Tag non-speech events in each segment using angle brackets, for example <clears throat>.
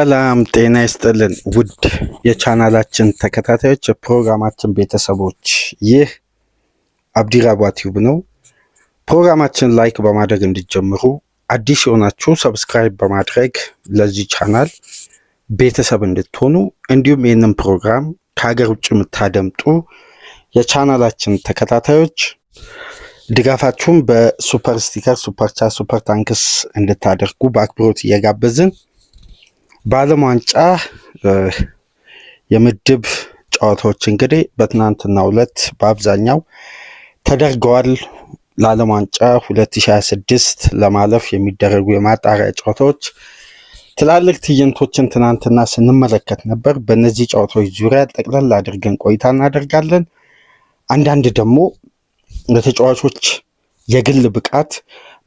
ሰላም ጤና ይስጥልን ውድ የቻናላችን ተከታታዮች የፕሮግራማችን ቤተሰቦች፣ ይህ አብዲራዋ ቲዩብ ነው። ፕሮግራማችን ላይክ በማድረግ እንዲጀምሩ፣ አዲስ የሆናችሁ ሰብስክራይብ በማድረግ ለዚህ ቻናል ቤተሰብ እንድትሆኑ፣ እንዲሁም ይህንን ፕሮግራም ከሀገር ውጭ የምታደምጡ የቻናላችን ተከታታዮች ድጋፋችሁን በሱፐር ስቲከር፣ ሱፐር ቻ ሱፐር ታንክስ እንድታደርጉ በአክብሮት እየጋበዝን በዓለም ዋንጫ የምድብ ጨዋታዎች እንግዲህ በትናንትናው ዕለት በአብዛኛው ተደርገዋል። ለዓለም ዋንጫ 2026 ለማለፍ የሚደረጉ የማጣሪያ ጨዋታዎች ትላልቅ ትዕይንቶችን ትናንትና ስንመለከት ነበር። በእነዚህ ጨዋታዎች ዙሪያ ጠቅላላ አድርገን ቆይታ እናደርጋለን። አንዳንድ ደግሞ ለተጫዋቾች የግል ብቃት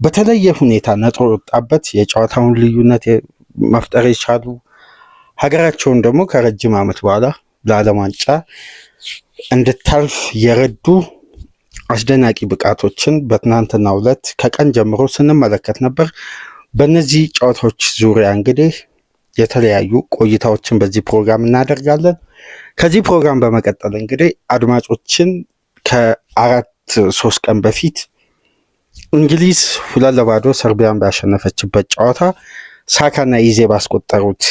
በተለየ ሁኔታ ነጥሮ የወጣበት የጨዋታውን ልዩነት መፍጠር የቻሉ ሀገራቸውን ደግሞ ከረጅም ዓመት በኋላ ለዓለም ዋንጫ እንድታልፍ የረዱ አስደናቂ ብቃቶችን በትናንትናው ዕለት ከቀን ጀምሮ ስንመለከት ነበር። በእነዚህ ጨዋታዎች ዙሪያ እንግዲህ የተለያዩ ቆይታዎችን በዚህ ፕሮግራም እናደርጋለን። ከዚህ ፕሮግራም በመቀጠል እንግዲህ አድማጮችን ከአራት ሶስት ቀን በፊት እንግሊዝ ሁለት ለባዶ ሰርቢያን ባሸነፈችበት ጨዋታ ሳካና ኢዜ ባስቆጠሩት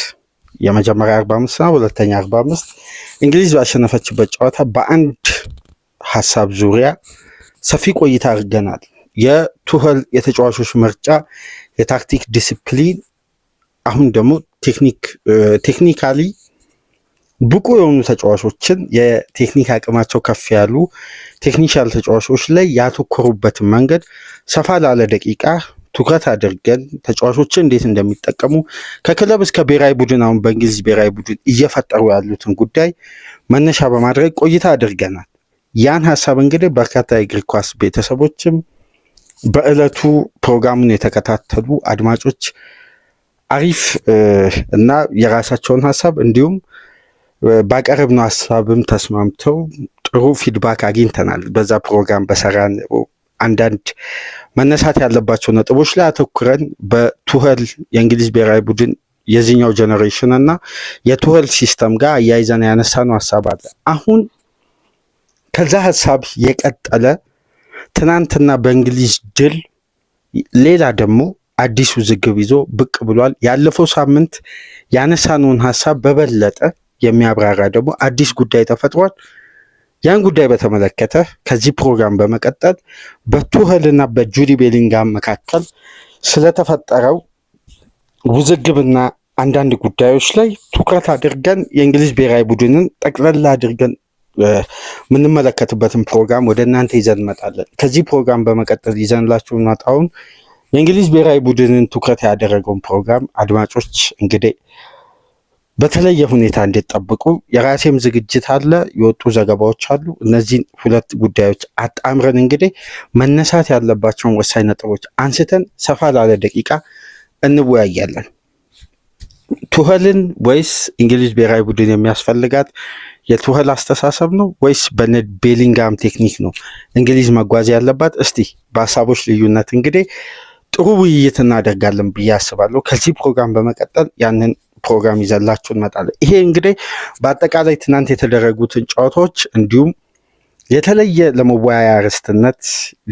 የመጀመሪያ 45 እና ሁለተኛ 45 እንግሊዝ ባሸነፈችበት ጨዋታ በአንድ ሀሳብ ዙሪያ ሰፊ ቆይታ አድርገናል። የቱኸል የተጫዋቾች ምርጫ፣ የታክቲክ ዲስፕሊን፣ አሁን ደግሞ ቴክኒካሊ ብቁ የሆኑ ተጫዋቾችን የቴክኒክ አቅማቸው ከፍ ያሉ ቴክኒሻል ተጫዋቾች ላይ ያተኮሩበትን መንገድ ሰፋ ላለ ደቂቃ ትኩረት አድርገን ተጫዋቾችን እንዴት እንደሚጠቀሙ ከክለብ እስከ ብሔራዊ ቡድን አሁን በእንግሊዝ ብሔራዊ ቡድን እየፈጠሩ ያሉትን ጉዳይ መነሻ በማድረግ ቆይታ አድርገናል። ያን ሀሳብ እንግዲህ በርካታ የእግር ኳስ ቤተሰቦችም በእለቱ ፕሮግራሙን የተከታተሉ አድማጮች አሪፍ እና የራሳቸውን ሀሳብ እንዲሁም ባቀረብነው ሀሳብም ተስማምተው ጥሩ ፊድባክ አግኝተናል። በዛ ፕሮግራም በሰራን አንዳንድ መነሳት ያለባቸው ነጥቦች ላይ አተኩረን በቱኸል የእንግሊዝ ብሔራዊ ቡድን የዚህኛው ጀኔሬሽን እና የቱኸል ሲስተም ጋር አያይዘን ያነሳነው ሀሳብ አለ። አሁን ከዛ ሀሳብ የቀጠለ ትናንትና በእንግሊዝ ድል ሌላ ደግሞ አዲስ ውዝግብ ይዞ ብቅ ብሏል። ያለፈው ሳምንት ያነሳነውን ሀሳብ በበለጠ የሚያብራራ ደግሞ አዲስ ጉዳይ ተፈጥሯል። ያን ጉዳይ በተመለከተ ከዚህ ፕሮግራም በመቀጠል በቱኸልና በጁዲ ቤሊንጋም መካከል ስለተፈጠረው ውዝግብና አንዳንድ ጉዳዮች ላይ ትኩረት አድርገን የእንግሊዝ ብሔራዊ ቡድንን ጠቅላላ አድርገን የምንመለከትበትን ፕሮግራም ወደ እናንተ ይዘን እንመጣለን። ከዚህ ፕሮግራም በመቀጠል ይዘንላችሁ እንመጣውን የእንግሊዝ ብሔራዊ ቡድንን ትኩረት ያደረገውን ፕሮግራም አድማጮች እንግዲህ በተለየ ሁኔታ እንዲጠብቁ የራሴም ዝግጅት አለ፣ የወጡ ዘገባዎች አሉ። እነዚህን ሁለት ጉዳዮች አጣምረን እንግዲህ መነሳት ያለባቸውን ወሳኝ ነጥቦች አንስተን ሰፋ ላለ ደቂቃ እንወያያለን። ቱኸልን ወይስ እንግሊዝ ብሔራዊ ቡድን የሚያስፈልጋት የቱኸል አስተሳሰብ ነው ወይስ በነድ ቤሊንጋም ቴክኒክ ነው እንግሊዝ መጓዝ ያለባት? እስቲ በሀሳቦች ልዩነት እንግዲህ ጥሩ ውይይት እናደርጋለን ብዬ አስባለሁ። ከዚህ ፕሮግራም በመቀጠል ያንን ፕሮግራም ይዘላችሁ እንመጣለን። ይሄ እንግዲህ በአጠቃላይ ትናንት የተደረጉትን ጨዋታዎች እንዲሁም የተለየ ለመወያያ ርዕስትነት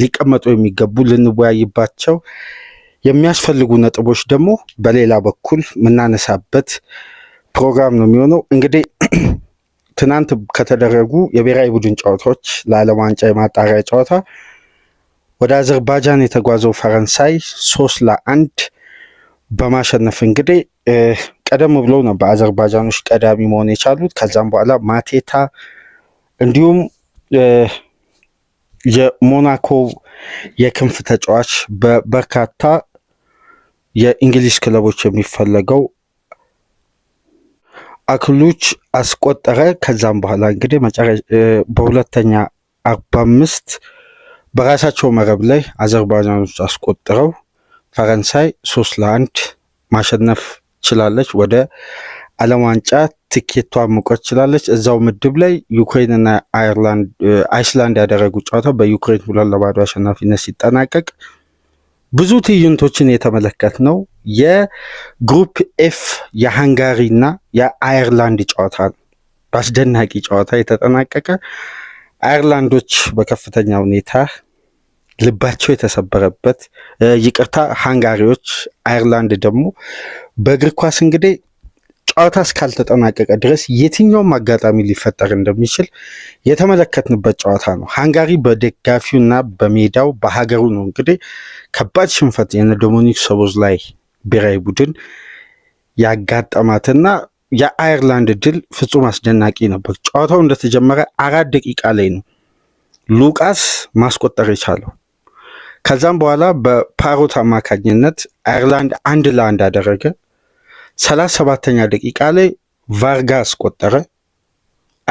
ሊቀመጡ የሚገቡ ልንወያይባቸው የሚያስፈልጉ ነጥቦች ደግሞ በሌላ በኩል የምናነሳበት ፕሮግራም ነው የሚሆነው። እንግዲህ <clears throat> ትናንት ከተደረጉ የብሔራዊ ቡድን ጨዋታዎች ለዓለም ዋንጫ የማጣሪያ ጨዋታ ወደ አዘርባጃን የተጓዘው ፈረንሳይ ሶስት ለአንድ በማሸነፍ እንግዲህ ቀደም ብለው ነበር አዘርባጃኖች ቀዳሚ መሆን የቻሉት። ከዛም በኋላ ማቴታ እንዲሁም የሞናኮ የክንፍ ተጫዋች በበርካታ የእንግሊዝ ክለቦች የሚፈለገው አክሎች አስቆጠረ። ከዛም በኋላ እንግዲህ በሁለተኛ አርባ አምስት በራሳቸው መረብ ላይ አዘርባጃኖች አስቆጥረው ፈረንሳይ ሶስት ለአንድ ማሸነፍ ችላለች። ወደ ዓለም ዋንጫ ትኬቷ ሙቀት ችላለች። እዛው ምድብ ላይ ዩክሬንና አይስላንድ ያደረጉ ጨዋታ በዩክሬን ሁለት ለባዶ አሸናፊነት ሲጠናቀቅ ብዙ ትዕይንቶችን የተመለከት ነው። የግሩፕ ኤፍ የሃንጋሪና የአየርላንድ ጨዋታ በአስደናቂ ጨዋታ የተጠናቀቀ አየርላንዶች በከፍተኛ ሁኔታ ልባቸው የተሰበረበት ይቅርታ፣ ሃንጋሪዎች አየርላንድ ደግሞ በእግር ኳስ እንግዲህ ጨዋታ እስካልተጠናቀቀ ድረስ የትኛውም አጋጣሚ ሊፈጠር እንደሚችል የተመለከትንበት ጨዋታ ነው። ሃንጋሪ በደጋፊው እና በሜዳው በሀገሩ ነው እንግዲህ ከባድ ሽንፈት የነ ዶሚኒክ ሶቦዝላይ ብሔራዊ ቡድን ያጋጠማትና የአየርላንድ ድል ፍጹም አስደናቂ ነበር። ጨዋታው እንደተጀመረ አራት ደቂቃ ላይ ነው ሉቃስ ማስቆጠር የቻለው። ከዛም በኋላ በፓሮት አማካኝነት አየርላንድ አንድ ለአንድ አደረገ። ሰላሳ ሰባተኛ ደቂቃ ላይ ቫርጋ አስቆጠረ።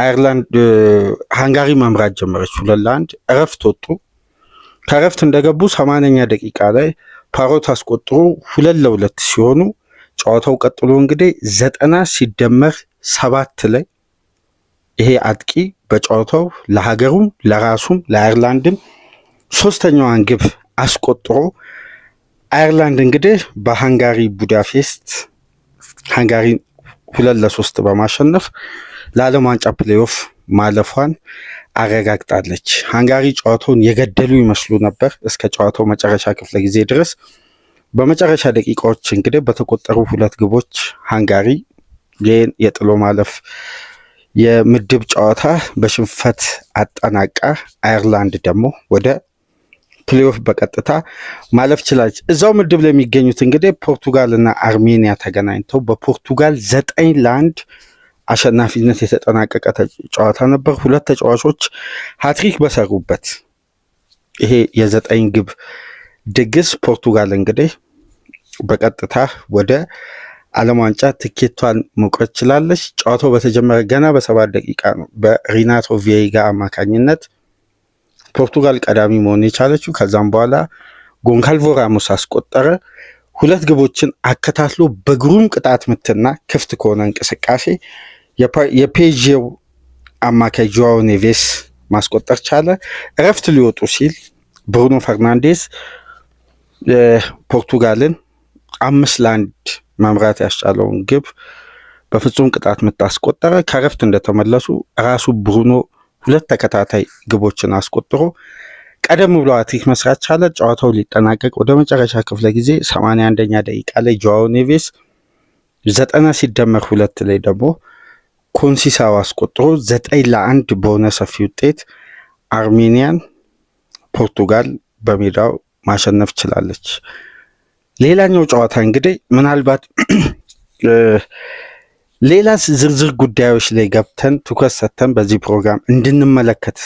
አይርላንድ ሃንጋሪ መምራት ጀመረች ሁለት ለአንድ። እረፍት ወጡ። ከእረፍት እንደገቡ ሰማንያኛ ደቂቃ ላይ ፓሮት አስቆጥሮ ሁለት ለሁለት ሲሆኑ ጨዋታው ቀጥሎ እንግዲህ ዘጠና ሲደመር ሰባት ላይ ይሄ አጥቂ በጨዋታው ለሀገሩም ለራሱም ለአይርላንድም ሶስተኛዋን ግብ አስቆጥሮ አይርላንድ እንግዲህ በሃንጋሪ ቡዳፔስት ሃንጋሪን ሁለት ለሶስት በማሸነፍ ለዓለም ዋንጫ ፕሌይኦፍ ማለፏን አረጋግጣለች። ሃንጋሪ ጨዋታውን የገደሉ ይመስሉ ነበር እስከ ጨዋታው መጨረሻ ክፍለ ጊዜ ድረስ። በመጨረሻ ደቂቃዎች እንግዲህ በተቆጠሩ ሁለት ግቦች ሃንጋሪ ይህን የጥሎ ማለፍ የምድብ ጨዋታ በሽንፈት አጠናቃ፣ አየርላንድ ደግሞ ወደ ፕሌኦፍ በቀጥታ ማለፍ ችላለች። እዛው ምድብ ላይ የሚገኙት እንግዲህ እና አርሜኒያ ተገናኝተው በፖርቱጋል ዘጠኝ ለአንድ አሸናፊነት የተጠናቀቀ ጨዋታ ነበር። ሁለት ተጫዋቾች ሀትሪክ በሰሩበት ይሄ የዘጠኝ ግብ ድግስ ፖርቱጋል እንግዲህ በቀጥታ ወደ ዓለም ዋንጫ ትኬቷን መቁረጥ ችላለች። ጨዋታው በተጀመረ ገና በሰባት ደቂቃ ነው በሪናቶ ቪዬጋ አማካኝነት ፖርቱጋል ቀዳሚ መሆን የቻለችው። ከዛም በኋላ ጎንካልቮ ራሞስ አስቆጠረ። ሁለት ግቦችን አከታትሎ በግሩም ቅጣት ምትና ክፍት ከሆነ እንቅስቃሴ የፔዥው አማካይ ጆዋው ኔቬስ ማስቆጠር ቻለ። እረፍት ሊወጡ ሲል ብሩኖ ፈርናንዴዝ ፖርቱጋልን አምስት ለአንድ መምራት ያስቻለውን ግብ በፍጹም ቅጣት ምት አስቆጠረ። ከእረፍት እንደተመለሱ ራሱ ብሩኖ ሁለት ተከታታይ ግቦችን አስቆጥሮ ቀደም ብሎ አትሪክ መስራት ቻለ። ጨዋታው ሊጠናቀቅ ወደ መጨረሻ ክፍለ ጊዜ 81ኛ ደቂቃ ላይ ጆዋው ኔቬስ ዘጠና ሲደመር ሁለት ላይ ደግሞ ኮንሲሳው አስቆጥሮ ዘጠኝ ለአንድ በሆነ ሰፊ ውጤት አርሜኒያን ፖርቱጋል በሜዳው ማሸነፍ ችላለች። ሌላኛው ጨዋታ እንግዲህ ምናልባት <clears throat> ሌላ ዝርዝር ጉዳዮች ላይ ገብተን ትኩረት ሰጥተን በዚህ ፕሮግራም እንድንመለከት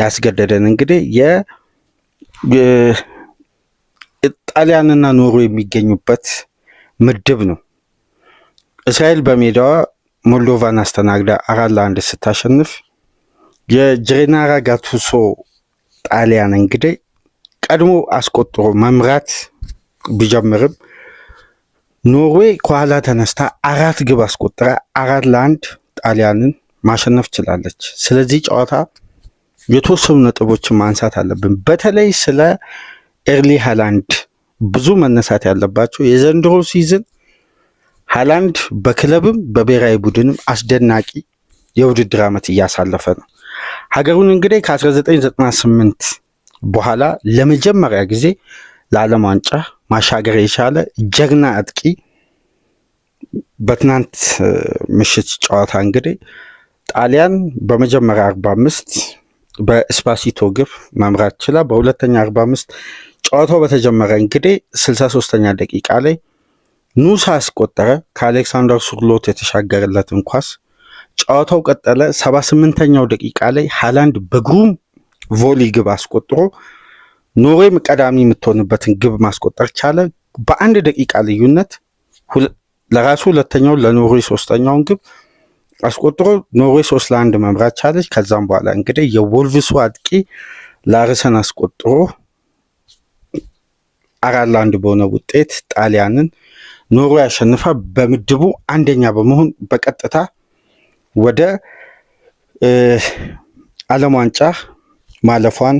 ያስገደደን እንግዲህ የጣሊያንና ኖሮ የሚገኙበት ምድብ ነው። እስራኤል በሜዳዋ ሞልዶቫን አስተናግዳ አራት ለአንድ ስታሸንፍ የጅሬናራ ጋቱሶ ጣሊያን እንግዲህ ቀድሞ አስቆጥሮ መምራት ቢጀምርም ኖርዌይ ከኋላ ተነስታ አራት ግብ አስቆጥራ አራት ለአንድ ጣሊያንን ማሸነፍ ችላለች። ስለዚህ ጨዋታ የተወሰኑ ነጥቦችን ማንሳት አለብን። በተለይ ስለ ኤርሊ ሃላንድ ብዙ መነሳት ያለባቸው የዘንድሮ ሲዝን ሃላንድ በክለብም በብሔራዊ ቡድንም አስደናቂ የውድድር ዓመት እያሳለፈ ነው። ሀገሩን እንግዲህ ከ1998 በኋላ ለመጀመሪያ ጊዜ ለዓለም ዋንጫ ማሻገር የቻለ ጀግና አጥቂ በትናንት ምሽት ጨዋታ እንግዲህ ጣሊያን በመጀመሪያ 45 በስፓሲቶ ግብ መምራት ችላ በሁለተኛ 45 ጨዋታው በተጀመረ እንግዲህ 63ኛ ደቂቃ ላይ ኑሳ አስቆጠረ። ከአሌክሳንደር ሱርሎት የተሻገረለትን ኳስ ጨዋታው ቀጠለ። 78ኛው ደቂቃ ላይ ሃላንድ በግሩም ቮሊ ግብ አስቆጥሮ ኖርዌይም ቀዳሚ የምትሆንበትን ግብ ማስቆጠር ቻለ። በአንድ ደቂቃ ልዩነት ለራሱ ሁለተኛውን ለኖሬ ሶስተኛውን ግብ አስቆጥሮ ኖሬ ሶስት ለአንድ መምራት ቻለች። ከዛም በኋላ እንግዲህ የወልቭሱ አጥቂ ላርሰን አስቆጥሮ አራት ለአንድ በሆነ ውጤት ጣሊያንን ኖሮ ያሸንፋ በምድቡ አንደኛ በመሆን በቀጥታ ወደ ዓለም ዋንጫ ማለፏን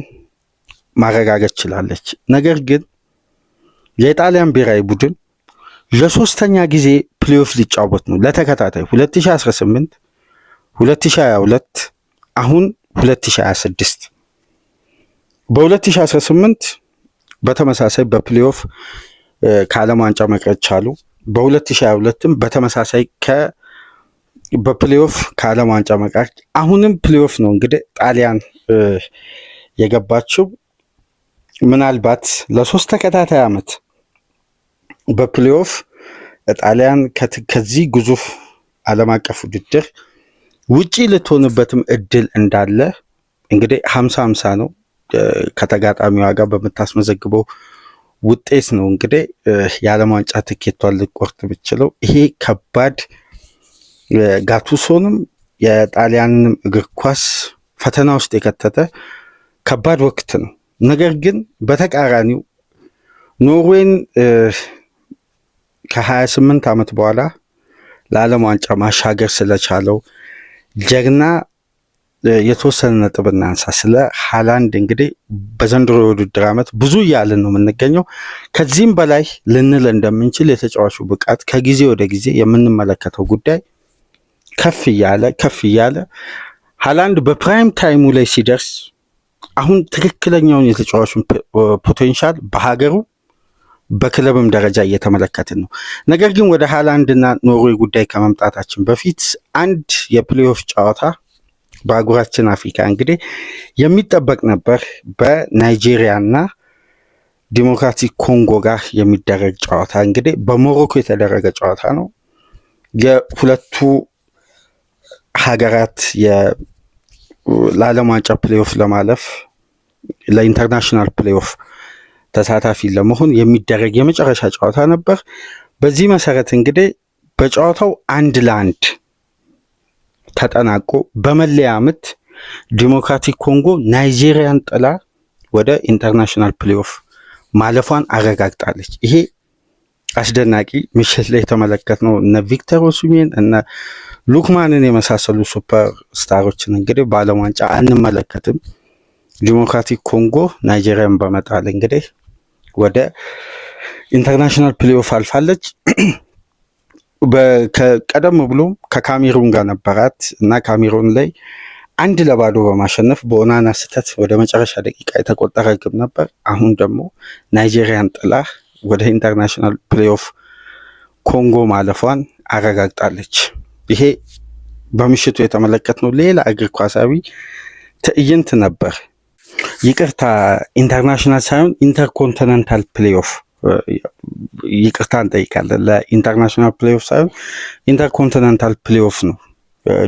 ማረጋገጥ ችላለች። ነገር ግን የጣሊያን ብሔራዊ ቡድን ለሶስተኛ ጊዜ ፕሌኦፍ ሊጫወት ነው ለተከታታይ 2018፣ 2022 አሁን 2026። በ2018 በተመሳሳይ በፕሌኦፍ ከዓለም ዋንጫ መቅረት ቻሉ። በ2022ም በተመሳሳይ ከ በፕሌኦፍ ከዓለም ዋንጫ መቅረት አሁንም ፕሌኦፍ ነው እንግዲህ ጣሊያን የገባችው ምናልባት ለሶስት ተከታታይ ዓመት በፕሌኦፍ ጣሊያን ከዚህ ግዙፍ ዓለም አቀፍ ውድድር ውጪ ልትሆንበትም እድል እንዳለ እንግዲህ ሀምሳ ሀምሳ ነው ከተጋጣሚ ዋጋ በምታስመዘግበው ውጤት ነው እንግዲህ የዓለም ዋንጫ ትኬቷን ልቆርጥ ብችለው ይሄ ከባድ ጋቱሶንም የጣሊያንንም እግር ኳስ ፈተና ውስጥ የከተተ ከባድ ወቅት ነው። ነገር ግን በተቃራኒው ኖርዌይን ከ28 ዓመት በኋላ ለዓለም ዋንጫ ማሻገር ስለቻለው ጀግና የተወሰነ ነጥብ እናንሳ። ስለ ሃላንድ እንግዲህ በዘንድሮ የውድድር ዓመት ብዙ እያልን ነው የምንገኘው። ከዚህም በላይ ልንል እንደምንችል የተጫዋቹ ብቃት ከጊዜ ወደ ጊዜ የምንመለከተው ጉዳይ ከፍ እያለ ከፍ እያለ ሃላንድ በፕራይም ታይሙ ላይ ሲደርስ አሁን ትክክለኛውን የተጫዋቹን ፖቴንሻል በሀገሩ በክለብም ደረጃ እየተመለከትን ነው። ነገር ግን ወደ እና ኖርዌይ ጉዳይ ከመምጣታችን በፊት አንድ የፕሌኦፍ ጨዋታ በአህጉራችን አፍሪካ እንግዲህ የሚጠበቅ ነበር። እና ዲሞክራቲክ ኮንጎ ጋር የሚደረግ ጨዋታ እንግዲህ በሞሮኮ የተደረገ ጨዋታ ነው። የሁለቱ ሀገራት ለዓለም ዋንጫ ፕሌኦፍ ለማለፍ ለኢንተርናሽናል ፕሌኦፍ ተሳታፊ ለመሆን የሚደረግ የመጨረሻ ጨዋታ ነበር። በዚህ መሰረት እንግዲህ በጨዋታው አንድ ለአንድ ተጠናቆ በመለያ ምት ዲሞክራቲክ ኮንጎ ናይጄሪያን ጥላ ወደ ኢንተርናሽናል ፕሌኦፍ ማለፏን አረጋግጣለች። ይሄ አስደናቂ ምሽት ላይ የተመለከትነው እነ ቪክተር ኦሱሜን እነ ሉክማንን የመሳሰሉ ሱፐር ስታሮችን እንግዲህ በዓለም ዋንጫ አንመለከትም። ዲሞክራቲክ ኮንጎ ናይጄሪያን በመጣል እንግዲህ ወደ ኢንተርናሽናል ፕሌኦፍ አልፋለች። <clears throat> ቀደም ብሎ ከካሜሩን ጋር ነበራት እና ካሜሩን ላይ አንድ ለባዶ በማሸነፍ በኦናና ስህተት ወደ መጨረሻ ደቂቃ የተቆጠረ ግብ ነበር። አሁን ደግሞ ናይጄሪያን ጥላ ወደ ኢንተርናሽናል ፕሌኦፍ ኮንጎ ማለፏን አረጋግጣለች። ይሄ በምሽቱ የተመለከትነው ሌላ እግር ኳሳዊ ትዕይንት ነበር። ይቅርታ ኢንተርናሽናል ሳይሆን ኢንተርኮንቲነንታል ፕሌይ ይቅርታ እንጠይቃለን። ለኢንተርናሽናል ፕሌይ ሳይሆን ኢንተርኮንቲነንታል ፕሌኦፍ ነው።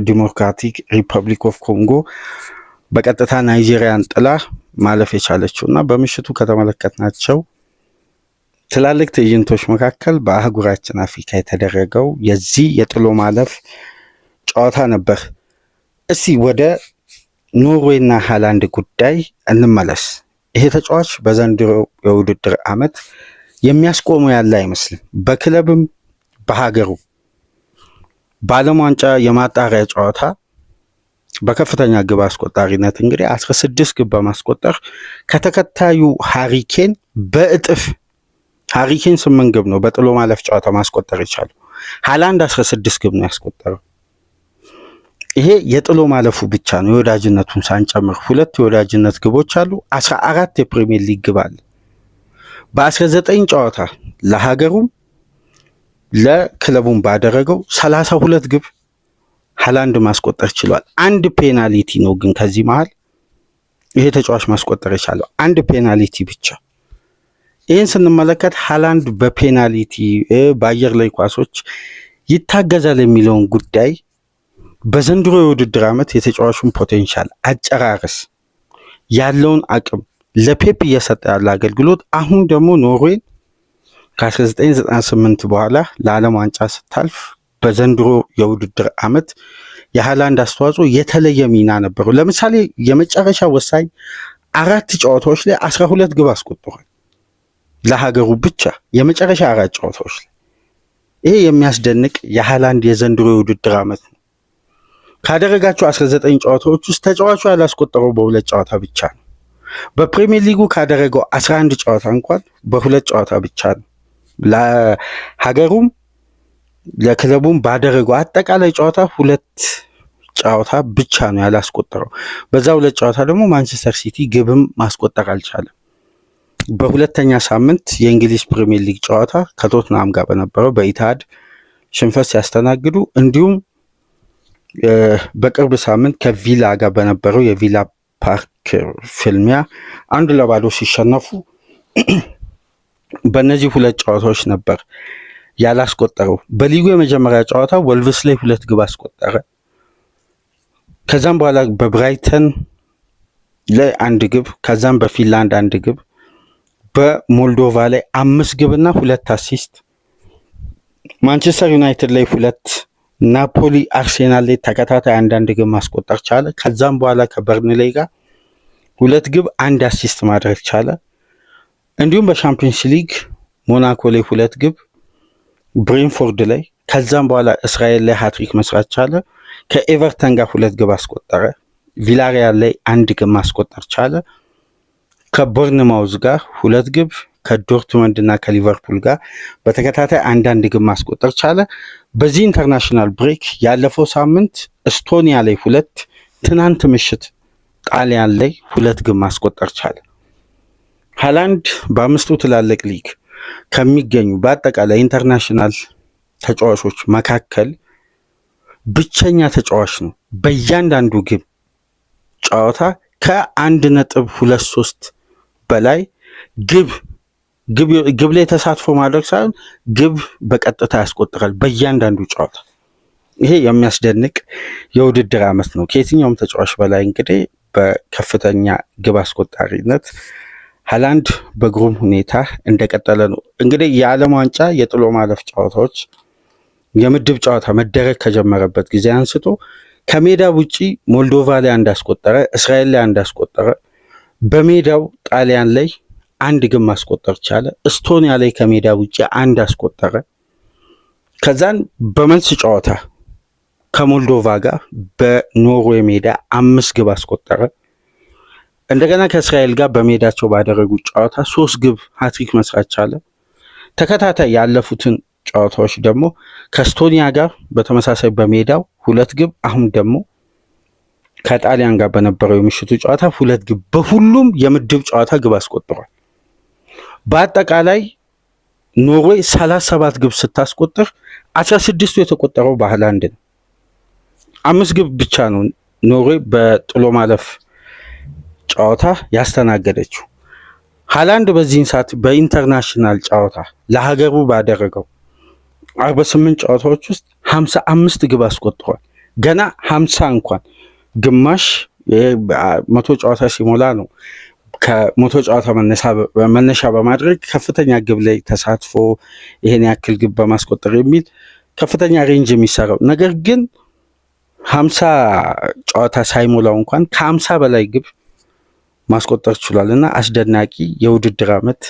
ዲሞክራቲክ ሪፐብሊክ ኦፍ ኮንጎ በቀጥታ ናይጄሪያን ጥላ ማለፍ የቻለችው እና በምሽቱ ከተመለከትናቸው ትላልቅ ትዕይንቶች መካከል በአህጉራችን አፍሪካ የተደረገው የዚህ የጥሎ ማለፍ ጨዋታ ነበር። እስቲ ወደ ኖርዌይና ሃላንድ ጉዳይ እንመለስ። ይሄ ተጫዋች በዘንድሮ የውድድር ዓመት የሚያስቆሙ ያለ አይመስልም። በክለብም በሀገሩ በዓለም ዋንጫ የማጣሪያ ጨዋታ በከፍተኛ ግብ አስቆጣሪነት እንግዲህ 16 ግብ በማስቆጠር ከተከታዩ ሃሪኬን በእጥፍ ሃሪኬን ስምንት ግብ ነው በጥሎ ማለፍ ጨዋታ ማስቆጠር የቻለው ሃላንድ 16 ግብ ነው ያስቆጠረው። ይሄ የጥሎ ማለፉ ብቻ ነው የወዳጅነቱን ሳንጨምር። ሁለት የወዳጅነት ግቦች አሉ። 14 የፕሪሚየር ሊግ ግብ አለ። በ19 ጨዋታ ለሀገሩም ለክለቡም ባደረገው 32 ግብ ሀላንድ ማስቆጠር ችሏል። አንድ ፔናሊቲ ነው ግን ከዚህ መሀል ይሄ ተጫዋች ማስቆጠር የቻለው አንድ ፔናሊቲ ብቻ። ይህን ስንመለከት ሀላንድ በፔናሊቲ በአየር ላይ ኳሶች ይታገዛል የሚለውን ጉዳይ በዘንድሮ የውድድር ዓመት የተጫዋቹን ፖቴንሻል አጨራረስ ያለውን አቅም ለፔፕ እየሰጠ ያለ አገልግሎት አሁን ደግሞ ኖርዌይን ከ1998 በኋላ ለዓለም ዋንጫ ስታልፍ በዘንድሮ የውድድር ዓመት የሃላንድ አስተዋጽኦ የተለየ ሚና ነበረው። ለምሳሌ የመጨረሻ ወሳኝ አራት ጨዋታዎች ላይ ሁለት ግብ አስቆጥሯል። ለሀገሩ ብቻ የመጨረሻ አራት ጨዋታዎች ላይ ይሄ የሚያስደንቅ የሃላንድ የዘንድሮ የውድድር ዓመት ነው። ካደረጋቸው 19 ጨዋታዎች ውስጥ ተጫዋቹ ያላስቆጠረው በሁለት ጨዋታ ብቻ ነው። በፕሪሚየር ሊጉ ካደረገው 11 ጨዋታ እንኳን በሁለት ጨዋታ ብቻ ነው። ለሀገሩም ለክለቡም ባደረገው አጠቃላይ ጨዋታ ሁለት ጨዋታ ብቻ ነው ያላስቆጠረው። በዛ ሁለት ጨዋታ ደግሞ ማንቸስተር ሲቲ ግብም ማስቆጠር አልቻለም። በሁለተኛ ሳምንት የእንግሊዝ ፕሪሚየር ሊግ ጨዋታ ከቶትናም ጋር በነበረው በኢታድ ሽንፈት ሲያስተናግዱ እንዲሁም በቅርብ ሳምንት ከቪላ ጋር በነበረው የቪላ ፓርክ ፍልሚያ አንድ ለባዶ ሲሸነፉ <clears throat> በእነዚህ ሁለት ጨዋታዎች ነበር ያላስቆጠረው። በሊጉ የመጀመሪያ ጨዋታ ወልቭስ ላይ ሁለት ግብ አስቆጠረ። ከዛም በኋላ በብራይተን ላይ አንድ ግብ፣ ከዛም በፊንላንድ አንድ ግብ፣ በሞልዶቫ ላይ አምስት ግብና ሁለት አሲስት፣ ማንቸስተር ዩናይትድ ላይ ሁለት ናፖሊ አርሴናል ላይ ተከታታይ አንዳንድ ግብ ማስቆጠር ቻለ። ከዛም በኋላ ከበርንሌ ጋር ሁለት ግብ አንድ አሲስት ማድረግ ቻለ። እንዲሁም በሻምፒዮንስ ሊግ ሞናኮ ላይ ሁለት ግብ፣ ብሬንፎርድ ላይ ከዛም በኋላ እስራኤል ላይ ሀትሪክ መስራት ቻለ። ከኤቨርተን ጋር ሁለት ግብ አስቆጠረ። ቪላሪያል ላይ አንድ ግብ ማስቆጠር ቻለ። ከቦርንማውዝ ጋር ሁለት ግብ ከዶርትመንድ እና ከሊቨርፑል ጋር በተከታታይ አንዳንድ ግብ ማስቆጠር ቻለ። በዚህ ኢንተርናሽናል ብሬክ ያለፈው ሳምንት እስቶኒያ ላይ ሁለት፣ ትናንት ምሽት ጣሊያን ላይ ሁለት ግብ ማስቆጠር ቻለ። ሃላንድ በአምስቱ ትላልቅ ሊግ ከሚገኙ በአጠቃላይ ኢንተርናሽናል ተጫዋቾች መካከል ብቸኛ ተጫዋች ነው። በእያንዳንዱ ግብ ጨዋታ ከአንድ ነጥብ ሁለት ሶስት በላይ ግብ ግብ ላይ ተሳትፎ ማድረግ ሳይሆን ግብ በቀጥታ ያስቆጥራል በእያንዳንዱ ጨዋታ። ይሄ የሚያስደንቅ የውድድር ዓመት ነው። ከየትኛውም ተጫዋች በላይ እንግዲህ በከፍተኛ ግብ አስቆጣሪነት ሀላንድ በግሩም ሁኔታ እንደቀጠለ ነው። እንግዲህ የዓለም ዋንጫ የጥሎ ማለፍ ጨዋታዎች የምድብ ጨዋታ መደረግ ከጀመረበት ጊዜ አንስቶ ከሜዳ ውጪ ሞልዶቫ ላይ እንዳስቆጠረ፣ እስራኤል ላይ እንዳስቆጠረ፣ በሜዳው ጣሊያን ላይ አንድ ግብ ማስቆጠር ቻለ። እስቶኒያ ላይ ከሜዳ ውጭ አንድ አስቆጠረ። ከዛን በመልስ ጨዋታ ከሞልዶቫ ጋር በኖርዌይ ሜዳ አምስት ግብ አስቆጠረ። እንደገና ከእስራኤል ጋር በሜዳቸው ባደረጉት ጨዋታ ሶስት ግብ ሀትሪክ መስራት ቻለ። ተከታታይ ያለፉትን ጨዋታዎች ደግሞ ከስቶኒያ ጋር በተመሳሳይ በሜዳው ሁለት ግብ፣ አሁን ደግሞ ከጣሊያን ጋር በነበረው የምሽቱ ጨዋታ ሁለት ግብ፣ በሁሉም የምድብ ጨዋታ ግብ አስቆጥሯል። በአጠቃላይ ኖርዌይ ሰላሳ ሰባት ግብ ስታስቆጥር አስራ ስድስቱ የተቆጠረው በሃላንድ ነው። አምስት ግብ ብቻ ነው ኖርዌይ በጥሎ ማለፍ ጨዋታ ያስተናገደችው። ሃላንድ በዚህን ሰዓት በኢንተርናሽናል ጨዋታ ለሀገሩ ባደረገው አርባ ጨዋታዎች ውስጥ ሀምሳ አምስት ግብ አስቆጥሯል። ገና ሀምሳ እንኳን ግማሽ መቶ ጨዋታ ሲሞላ ነው ከሞቶ ጨዋታ መነሻ በማድረግ ከፍተኛ ግብ ላይ ተሳትፎ ይሄን ያክል ግብ በማስቆጠር የሚል ከፍተኛ ሬንጅ የሚሰራው ነገር ግን ሀምሳ ጨዋታ ሳይሞላው እንኳን ከሀምሳ በላይ ግብ ማስቆጠር ችሏል እና አስደናቂ የውድድር ዓመት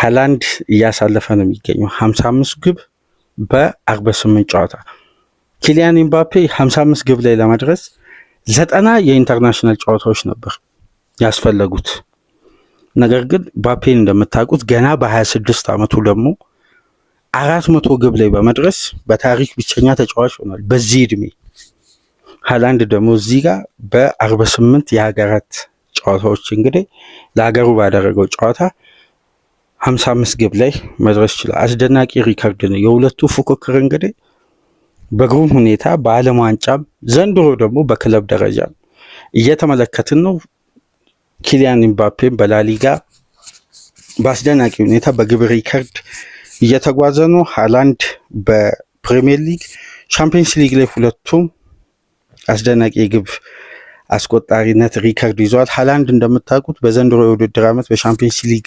ሃላንድ እያሳለፈ ነው የሚገኘው። ሀምሳ አምስት ግብ በአርባ ስምንት ጨዋታ ኪሊያን ኤምባፔ ሀምሳ አምስት ግብ ላይ ለመድረስ ዘጠና የኢንተርናሽናል ጨዋታዎች ነበር። ያስፈለጉት። ነገር ግን ባፔን እንደምታውቁት ገና በ26 ዓመቱ ደግሞ አራት መቶ ግብ ላይ በመድረስ በታሪክ ብቸኛ ተጫዋች ሆኗል በዚህ እድሜ። ሀላንድ ደግሞ እዚህ ጋር በ48 የሀገራት ጨዋታዎች እንግዲህ ለሀገሩ ባደረገው ጨዋታ 55 ግብ ላይ መድረስ ይችላል። አስደናቂ ሪከርድ ነው። የሁለቱ ፉክክር እንግዲህ በግሩም ሁኔታ በዓለም ዋንጫም ዘንድሮ ደግሞ በክለብ ደረጃ እየተመለከትን ነው። ኪሊያን ኢምባፔን በላሊጋ በአስደናቂ ሁኔታ በግብ ሪከርድ እየተጓዘ ነው። ሃላንድ በፕሪሚየር ሊግ፣ ቻምፒየንስ ሊግ ላይ ሁለቱም አስደናቂ የግብ አስቆጣሪነት ሪከርድ ይዟል። ሃላንድ እንደምታውቁት በዘንድሮ የውድድር ዓመት በቻምፒየንስ ሊግ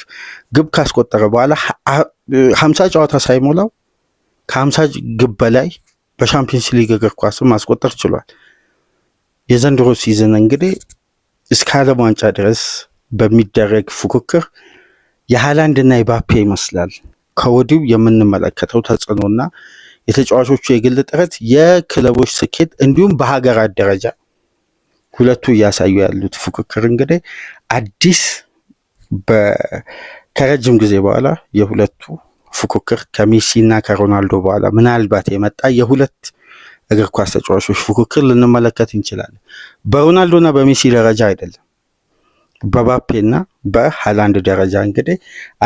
ግብ ካስቆጠረ በኋላ ሀምሳ ጨዋታ ሳይሞላው ከሀምሳ ግብ በላይ በቻምፒየንስ ሊግ እግር ኳስ ማስቆጠር ችሏል። የዘንድሮ ሲዝን እንግዲህ እስከ ዓለም ዋንጫ ድረስ በሚደረግ ፉክክር የሃላንድና የባፔ ይመስላል ከወዲሁ የምንመለከተው ተጽዕኖና የተጫዋቾቹ የግል ጥረት የክለቦች ስኬት እንዲሁም በሀገራት ደረጃ ሁለቱ እያሳዩ ያሉት ፉክክር እንግዲህ አዲስ ከረጅም ጊዜ በኋላ የሁለቱ ፉክክር ከሜሲ እና ከሮናልዶ በኋላ ምናልባት የመጣ የሁለት እግር ኳስ ተጫዋቾች ፉክክር ልንመለከት እንችላለን። በሮናልዶና በሜሲ ደረጃ አይደለም። በባፔና በሃላንድ ደረጃ እንግዲህ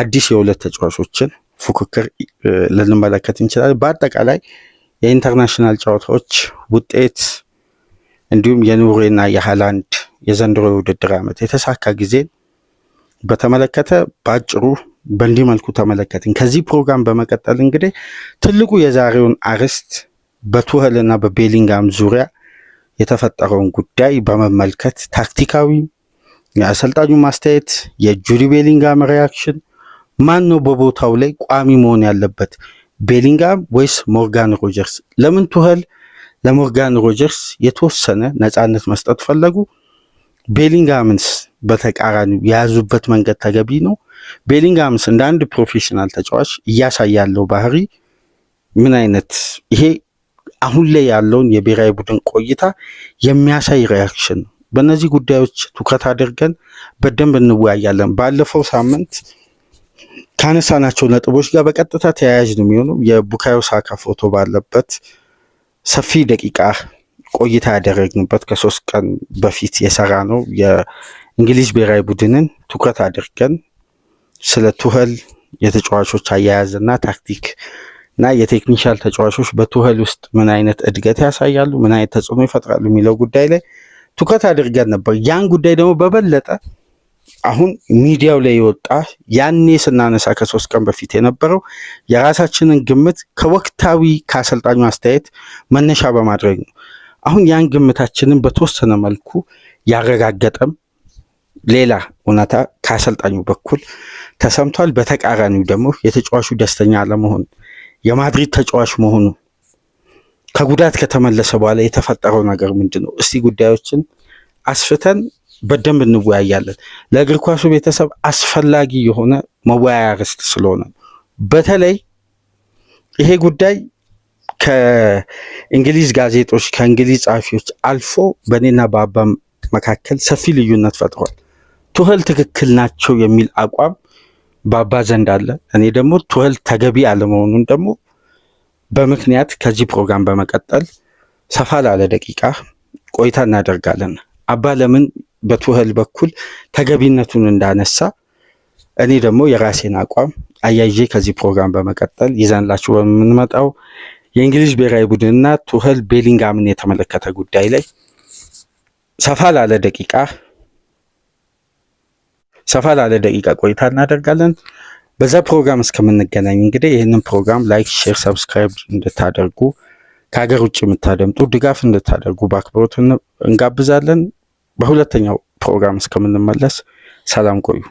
አዲስ የሁለት ተጫዋቾችን ፉክክር ልንመለከት እንችላለን። በአጠቃላይ የኢንተርናሽናል ጨዋታዎች ውጤት እንዲሁም የኑሬና የሃላንድ የዘንድሮ የውድድር ዓመት የተሳካ ጊዜን በተመለከተ በአጭሩ በእንዲህ መልኩ ተመለከትን። ከዚህ ፕሮግራም በመቀጠል እንግዲህ ትልቁ የዛሬውን አርዕስት እና በቤሊንጋም ዙሪያ የተፈጠረውን ጉዳይ በመመልከት ታክቲካዊ የአሰልጣኙ ማስተያየት፣ የጁሪ ቤሊንጋም ሪያክሽን፣ ማን ነው በቦታው ላይ ቋሚ መሆን ያለበት ቤሊንጋም ወይስ ሞርጋን ሮጀርስ? ለምን ቱሄል ለሞርጋን ሮጀርስ የተወሰነ ነፃነት መስጠት ፈለጉ? ቤሊንጋምንስ በተቃራኒው የያዙበት መንገድ ተገቢ ነው? ቤሊንጋምስ እንደ አንድ ፕሮፌሽናል ተጫዋች እያሳያለው ባህሪ ምን አይነት ይሄ አሁን ላይ ያለውን የብሔራዊ ቡድን ቆይታ የሚያሳይ ሪያክሽን ነው። በእነዚህ ጉዳዮች ትኩረት አድርገን በደንብ እንወያያለን። ባለፈው ሳምንት ካነሳናቸው ነጥቦች ጋር በቀጥታ ተያያዥ ነው የሚሆኑ የቡካዮ ሳካ ፎቶ ባለበት ሰፊ ደቂቃ ቆይታ ያደረግንበት ከሶስት ቀን በፊት የሰራ ነው። የእንግሊዝ ብሔራዊ ቡድንን ትኩረት አድርገን ስለ ቱኸል የተጫዋቾች አያያዝና ታክቲክ እና የቴክኒሻል ተጫዋቾች በቱሄል ውስጥ ምን አይነት እድገት ያሳያሉ፣ ምን አይነት ተጽዕኖ ይፈጥራሉ የሚለው ጉዳይ ላይ ትኩረት አድርገን ነበር። ያን ጉዳይ ደግሞ በበለጠ አሁን ሚዲያው ላይ የወጣ ያኔ ስናነሳ ከሶስት ቀን በፊት የነበረው የራሳችንን ግምት ከወቅታዊ ከአሰልጣኙ አስተያየት መነሻ በማድረግ ነው። አሁን ያን ግምታችንን በተወሰነ መልኩ ያረጋገጠም ሌላ እውነታ ከአሰልጣኙ በኩል ተሰምቷል። በተቃራኒው ደግሞ የተጫዋቹ ደስተኛ አለመሆን የማድሪድ ተጫዋች መሆኑ ከጉዳት ከተመለሰ በኋላ የተፈጠረው ነገር ምንድን ነው? እስቲ ጉዳዮችን አስፍተን በደንብ እንወያያለን። ለእግር ኳሱ ቤተሰብ አስፈላጊ የሆነ መወያያ ርዕስ ስለሆነ በተለይ ይሄ ጉዳይ ከእንግሊዝ ጋዜጦች ከእንግሊዝ ጸሐፊዎች አልፎ በእኔና በአባ መካከል ሰፊ ልዩነት ፈጥሯል። ትህል ትክክል ናቸው የሚል አቋም በአባ ዘንድ አለ። እኔ ደግሞ ትወል ተገቢ አለመሆኑን ደግሞ በምክንያት ከዚህ ፕሮግራም በመቀጠል ሰፋ ላለ ደቂቃ ቆይታ እናደርጋለን። አባ ለምን በትወል በኩል ተገቢነቱን እንዳነሳ እኔ ደግሞ የራሴን አቋም አያይዤ ከዚህ ፕሮግራም በመቀጠል ይዘንላችሁ በምንመጣው የእንግሊዝ ብሔራዊ ቡድንና ቱኸል ቤሊንጋምን የተመለከተ ጉዳይ ላይ ሰፋ ላለ ደቂቃ ሰፋ ላለ ደቂቃ ቆይታ እናደርጋለን። በዛ ፕሮግራም እስከምንገናኝ እንግዲህ ይህንን ፕሮግራም ላይክ፣ ሼር፣ ሰብስክራይብ እንድታደርጉ ከሀገር ውጭ የምታደምጡ ድጋፍ እንድታደርጉ በአክብሮት እንጋብዛለን። በሁለተኛው ፕሮግራም እስከምንመለስ ሰላም ቆዩ።